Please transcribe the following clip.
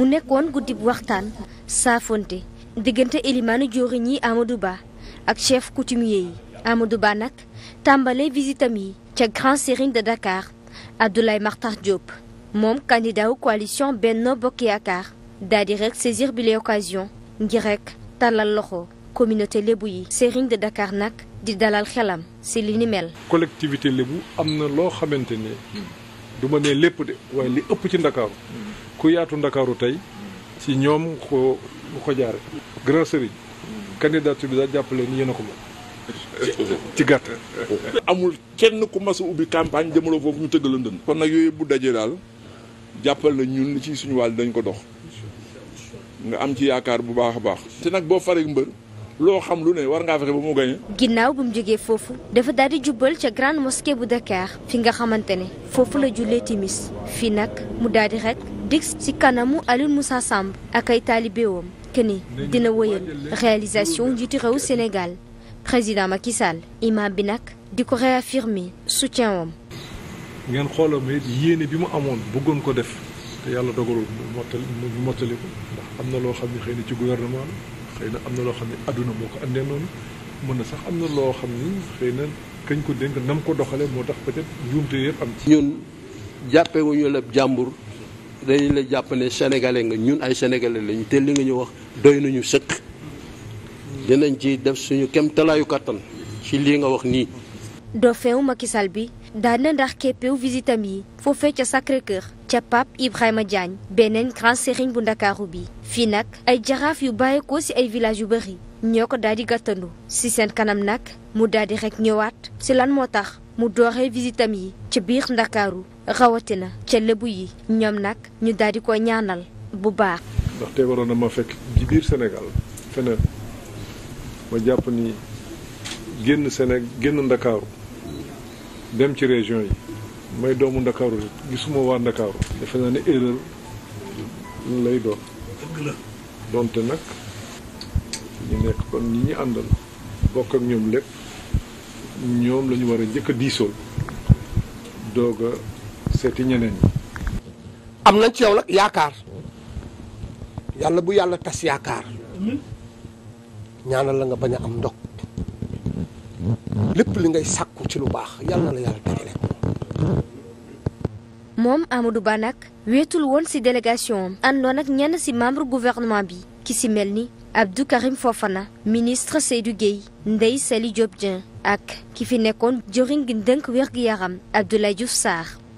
mu nekkoon guddi bu waxtaan saafonte diggante élimaanu joriñ ñi Amadou ak chef coutumier yi Amadou Ba nag tàmbale visitam yi ca Grand Serigne de Dakar Abdoulaye Makhtar Diop moom candidat wu coalition Benno Bokk Yaakaar daal di rek saisir bi l'occasion ngir rek tàllal loxo communauté lébu yi Serigne de Dakar nag di dalal xelam si li ni mel collectivité lébu am na loo xamante ne du ne lépp de waaye li ëpp ci Ndakaaru ku yaatu ndakaaru tey ci ñoom ko ko jaare grand sëriñ candidature bi daal jàppale ni yéen ko moom ci gàtt amul kenn ku mas ubbi campagne jëmale foofu ñu tëggal ndënd kon nag yooyu bu dajee daal jàppal na ñun ci suñu wàll dañ ko dox nga am ci yaakaar bu baax a baax te nag boo faree mbër loo xam lu ne war ngaa fexe ba mu gañe ginnaaw bu mu jógee foofu dafa daal di jubbal ca grande mosquée bu dakaar fi nga xamante ne foofu la jullee timis fii nag mu daal dix ci kanamu Alioune Moussa Samb ak ay taalibeewam que ni dina wëyal réalisation njiitu réew Sénégal président Macky Sall imam bi nag di ko réaffirmer soutien wam ngeen xoolal ma it bi mu amoon bëggoon ko def te yàlla dogalul mu mottali ko ndax am na loo xam ne xëy na ci gouvernement la xëy na am na loo xam ne adduna moo ko andee noonu mën na sax am na loo xam ni xëy na kañ ko dénk nam ko doxale moo tax peut-être njuumte yëpp am ci ñun jàppewuñu la jàmbur dañu la jàpp ne nga ñun ay sénégalais lañu te li nga ñu wax doy nañu sëkk dinañ ci def suñu kem talaayu kàttan ci lii nga wax nii. dofeewu Macky Sall bi daan na ndax képpeew visitam yi foofee ca Sacré Cœur ca Pape Ibrahima Diagne beneen grand sérigne bu ndakaaru bi fii nag ay jaraaf yu bàyyeekoo ci ay village yu bëri ñoo ko daal di gàttandu ci seen kanam nag mu daal di rekk ñëwaat ci lan moo tax mu doxe visitam yi ca biir ndakaaru rawatina ca lébu yi ñoom nag ñu daal ko ñaanal bu baax. ndaxte waroon na ma fekk ci biir Sénégal feneen ma jàpp ni génn Sénégal génn Ndakaaru dem ci région yi may doomu Ndakaaru gisuma waa Ndakaaru defe naa ne erreur lay doon. donte nag ñu nekk kon ñi ñu àndal bokk ñoom lépp ñoom la ñu war a njëkk a diisool doog seeti ñeneen ñi. am nañ ci yow nag yaakaar yàlla bu yàlla tas yaakaar ñaanal la nga bañ a am ndog lépp li ngay sàkku ci lu baax yàlla la yàlla dajale ko. moom Amadou Ba nag weetul woon ci délégation am àndoon ak ñenn ci membre gouvernement bi ki ci mel ni Abdou Karim na ministre Seydou Guèye Ndeye Saly Diop Dieng ak ki fi nekkoon jëriñ gi dënk wér-gu-yaram Abdoulaye Diouf Sarr